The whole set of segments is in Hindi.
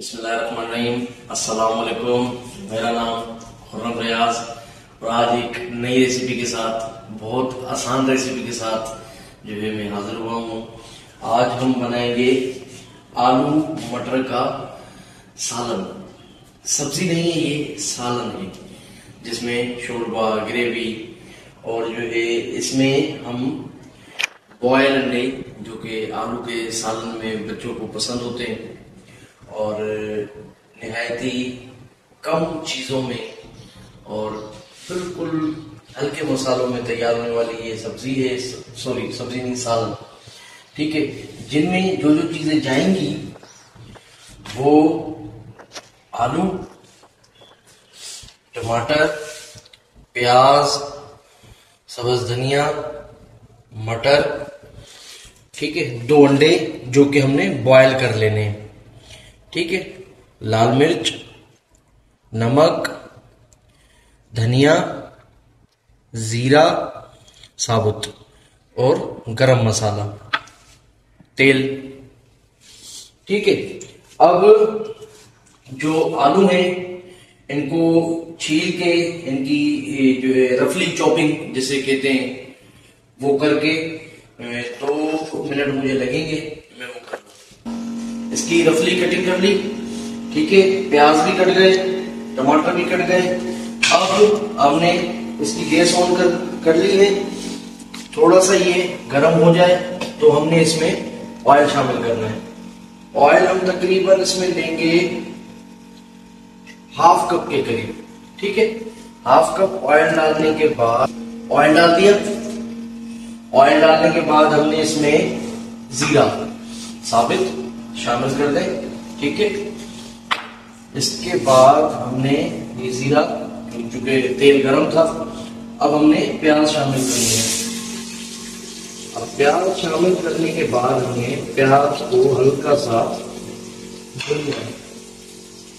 बिस्मिल्लाकुम मेरा नाम खुर्रम रियाज और आज एक नई रेसिपी के साथ बहुत आसान रेसिपी के साथ जो है मैं हाजिर हुआ हूँ आज हम बनाएंगे आलू मटर का सालन सब्जी नहीं है ये सालन है जिसमें शोरबा ग्रेवी और जो है इसमें हम बॉयल अंडे जो कि आलू के सालन में बच्चों को पसंद होते हैं और नहायत ही कम चीज़ों में और बिल्कुल हल्के मसालों में तैयार होने वाली ये सब्जी है सॉरी सब्जी नहीं साल ठीक है जिनमें जो जो चीज़ें जाएंगी वो आलू टमाटर प्याज सब्ज धनिया मटर ठीक है दो अंडे जो कि हमने बॉयल कर लेने हैं ठीक है लाल मिर्च नमक धनिया ज़ीरा साबुत और गरम मसाला तेल ठीक है अब जो आलू है इनको छील के इनकी जो है रफली चॉपिंग जिसे कहते हैं वो करके तो मिनट मुझे लगेंगे इसकी रफली कटिंग कर ली ठीक है प्याज भी कट गए टमाटर भी कट गए अब हमने इसकी गैस ऑन कर कर ली है थोड़ा सा ये गर्म हो जाए तो हमने इसमें ऑयल शामिल करना है ऑयल हम तकरीबन इसमें लेंगे हाफ कप के करीब ठीक है हाफ कप ऑयल डालने के बाद ऑयल डाल दिया ऑयल डालने के बाद हमने इसमें जीरा साबित शामिल कर दें ठीक है इसके बाद हमने ये जीरा चूंकि तेल गर्म था अब हमने प्याज शामिल कर लिया अब प्याज शामिल करने के बाद हमने प्याज को हल्का सा भून लिया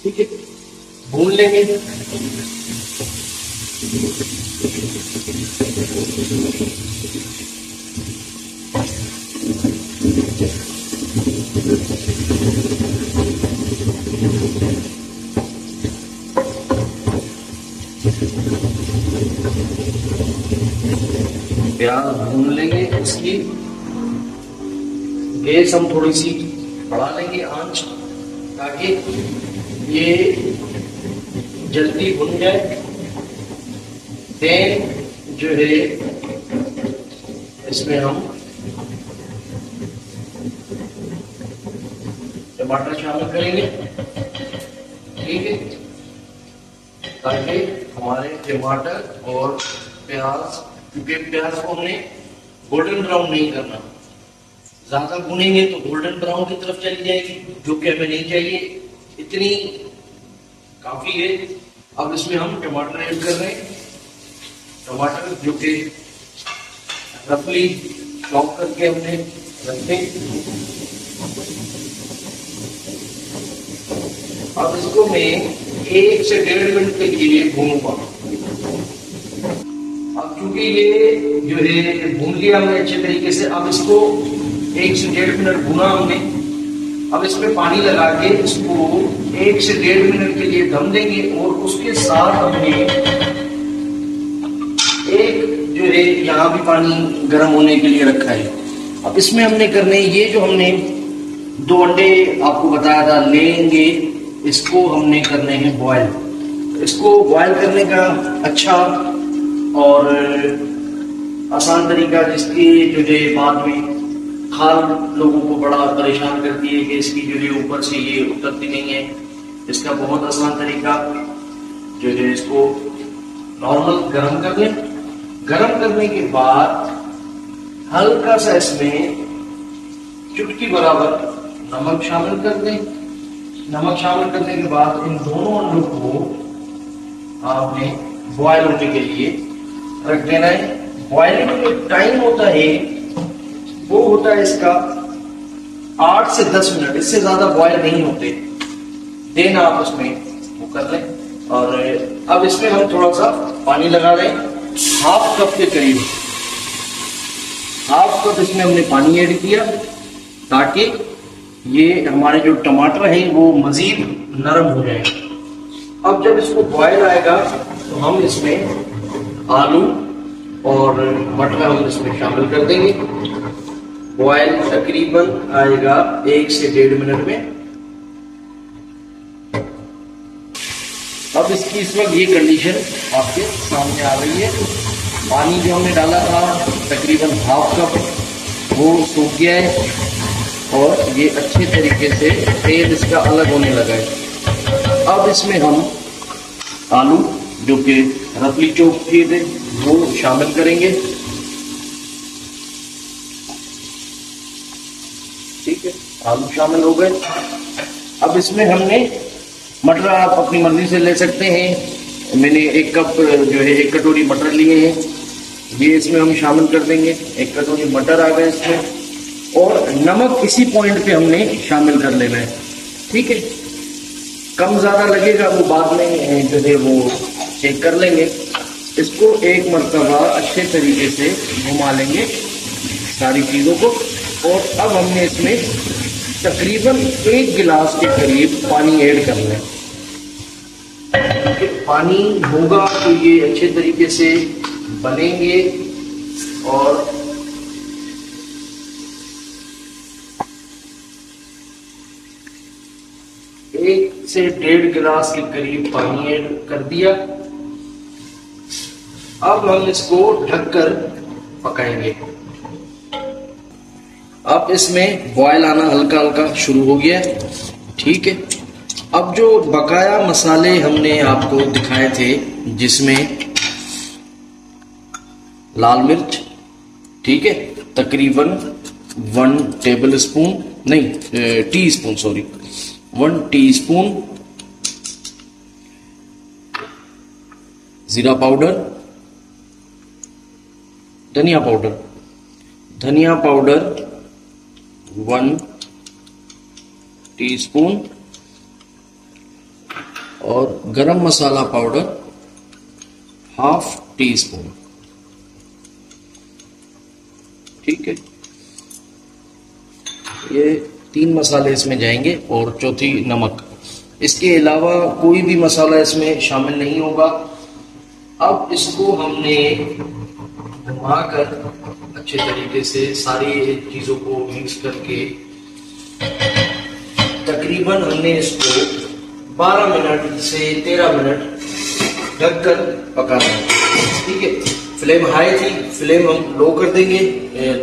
ठीक है भून लेंगे Thank you. प्याज लेंगे उसकी गैस हम थोड़ी सी बढ़ा लेंगे आंच ताकि ये जल्दी भुन जाए देन जो है इसमें हम वाटर शामिल करेंगे ठीक है ताकि हमारे टमाटर और प्याज क्योंकि प्याज को हमने गोल्डन ब्राउन नहीं करना ज्यादा भुनेंगे तो गोल्डन ब्राउन की तरफ चली जाएगी जो कि हमें नहीं चाहिए इतनी काफी है अब इसमें हम टमाटर ऐड कर रहे हैं टमाटर जो कि रफली चॉप करके हमने रखे अब इसको मैं एक से डेढ़ मिनट के लिए भूनूंगा अब क्योंकि ये जो है भून लिया हमने अच्छे तरीके से अब इसको एक से डेढ़ मिनट भुना हमने अब इसमें पानी लगा के इसको एक से डेढ़ मिनट के लिए दम देंगे और उसके साथ हमने एक जो है यहाँ भी पानी गर्म होने के लिए रखा है अब इसमें हमने करने ये जो हमने दो अंडे आपको बताया था लेंगे इसको हमने करने हैं बॉयल इसको बॉयल करने का अच्छा और आसान तरीका जिसकी जो है बाद में खाल लोगों को बड़ा परेशान करती है कि इसकी जो है ऊपर से ये उतरती नहीं है इसका बहुत आसान तरीका जो है इसको नॉर्मल गर्म कर लें गर्म करने के बाद हल्का सा इसमें चुटकी बराबर नमक शामिल कर दें नमक शामिल करने के बाद इन दोनों अंडों को आपने बॉयल होने के लिए रख देना है बॉयलिंग का जो टाइम होता है वो होता है इसका आठ से दस मिनट इससे ज्यादा बॉयल नहीं होते देन आप उसमें वो कर लें और अब इसमें हम थोड़ा सा पानी लगा दें हाफ कप के करीब हाफ कप इसमें हमने पानी ऐड किया ताकि ये हमारे जो टमाटर हैं वो मज़ीद नरम हो जाएंगे अब जब इसको बॉयल आएगा तो हम इसमें आलू और मटर हम इसमें शामिल कर देंगे बॉयल तकरीबन आएगा एक से डेढ़ मिनट में अब इसकी इस वक्त ये कंडीशन आपके सामने आ रही है पानी जो हमने डाला था तकरीबन हाफ कप वो सूख गया है और ये अच्छे तरीके से तेल इसका अलग होने लगा है अब इसमें हम आलू जो कि रफली चौक किए थे वो शामिल करेंगे ठीक है आलू शामिल हो गए अब इसमें हमने मटर आप अपनी मर्जी से ले सकते हैं मैंने एक कप जो है एक कटोरी मटर लिए हैं ये इसमें हम शामिल कर देंगे एक कटोरी मटर आ गए इसमें और नमक इसी पॉइंट पे हमने शामिल कर लेना है ठीक है कम ज़्यादा लगेगा वो बाद में जो है वो चेक कर लेंगे इसको एक मरतबा अच्छे तरीके से घुमा लेंगे सारी चीज़ों को और अब हमने इसमें तकरीबन एक गिलास के करीब पानी ऐड कर लें पानी होगा तो ये अच्छे तरीके से बनेंगे और एक से डेढ़ गिलास के करीब पानी ऐड कर दिया अब हम इसको ढककर पकाएंगे अब इसमें बॉयल आना हल्का हल्का शुरू हो गया ठीक है अब जो बकाया मसाले हमने आपको दिखाए थे जिसमें लाल मिर्च ठीक है तकरीबन वन टेबल स्पून नहीं teaspoon sorry one teaspoon जीरा पाउडर धनिया पाउडर धनिया पाउडर वन टीस्पून और garam masala powder half teaspoon ठीक है ये तीन मसाले इसमें जाएंगे और चौथी नमक इसके अलावा कोई भी मसाला इसमें शामिल नहीं होगा अब इसको हमने घुमाकर अच्छे तरीके से सारी चीज़ों को मिक्स करके तकरीबन हमने इसको 12 मिनट से 13 मिनट ढककर पकाना है ठीक है फ्लेम हाई थी फ्लेम हम लो कर देंगे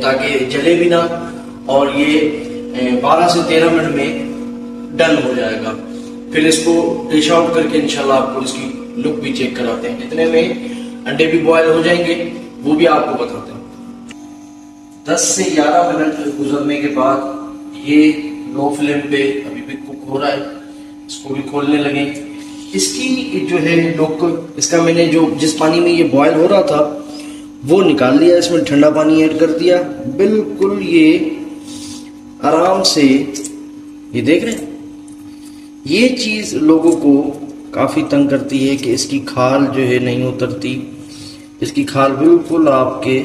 ताकि जले भी ना और ये बारह से तेरह मिनट में डन हो जाएगा फिर इसको डिश आउट करके इंशाल्लाह आपको इसकी लुक भी चेक कराते हैं इतने में अंडे भी बॉयल हो जाएंगे वो भी आपको बताते हैं दस से ग्यारह मिनट गुजरने के बाद ये लो फ्लेम पे अभी भी कुक हो रहा है इसको भी खोलने लगे इसकी जो है लोग इसका मैंने जो जिस पानी में ये बॉयल हो रहा था वो निकाल लिया इसमें ठंडा पानी ऐड कर दिया बिल्कुल ये आराम से ये देख रहे हैं ये चीज़ लोगों को काफ़ी तंग करती है कि इसकी खाल जो है नहीं उतरती इसकी खाल बिल्कुल आपके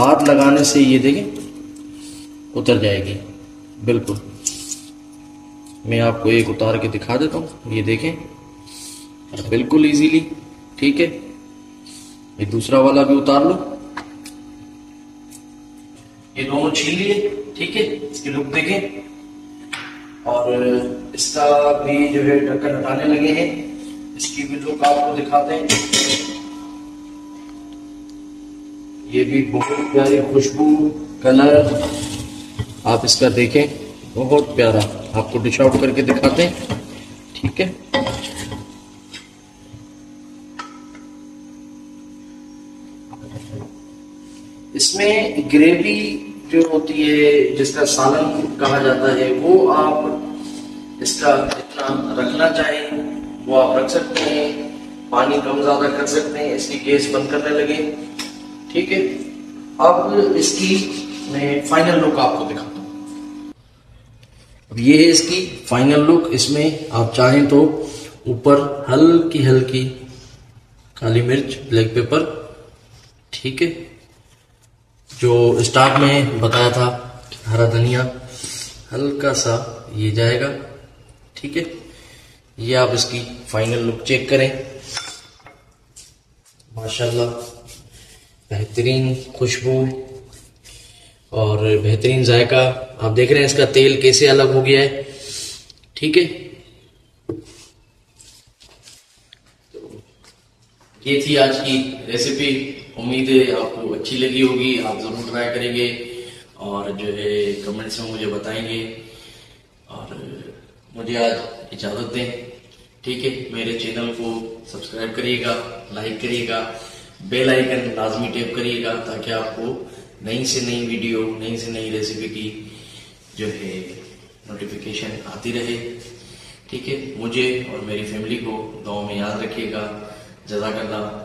हाथ लगाने से ये देखें उतर जाएगी बिल्कुल मैं आपको एक उतार के दिखा देता हूँ ये देखें बिल्कुल इजीली ठीक है ये दूसरा वाला भी उतार लो ये दोनों छीन लिए ठीक है इसकी लुक देखें और इसका भी जो है ढक्कन हटाने लगे हैं इसकी भी लुक आपको दिखाते हैं ये भी बहुत प्यारी खुशबू कलर आप इसका देखें बहुत प्यारा आपको डिश आउट करके दिखाते हैं ठीक है इसमें ग्रेवी जो होती है जिसका सालन कहा जाता है वो आप इसका इतना रखना चाहें वो आप रख सकते हैं पानी कम ज़्यादा कर सकते हैं इसकी गैस बंद करने लगे ठीक है अब इसकी मैं फाइनल लुक आपको दिखाता हूँ अब ये है इसकी फाइनल लुक इसमें आप चाहें तो ऊपर हल्की हल्की काली मिर्च ब्लैक पेपर ठीक है जो स्टार्ट में बताया था हरा धनिया हल्का सा ये जाएगा ठीक है ये आप इसकी फाइनल लुक चेक करें माशाल्लाह बेहतरीन खुशबू और बेहतरीन जायका आप देख रहे हैं इसका तेल कैसे अलग हो गया है ठीक है ये थी आज की रेसिपी उम्मीद है आपको अच्छी लगी होगी आप ज़रूर ट्राई करेंगे और जो है कमेंट्स में मुझे बताएंगे और मुझे आज इजाज़त दें ठीक है मेरे चैनल को सब्सक्राइब करिएगा लाइक करिएगा बेल आइकन लाजमी टैप करिएगा ताकि आपको नई से नई वीडियो नई से नई रेसिपी की जो है नोटिफिकेशन आती रहे ठीक है मुझे और मेरी फैमिली को दो में याद रखिएगा जजाकल्ला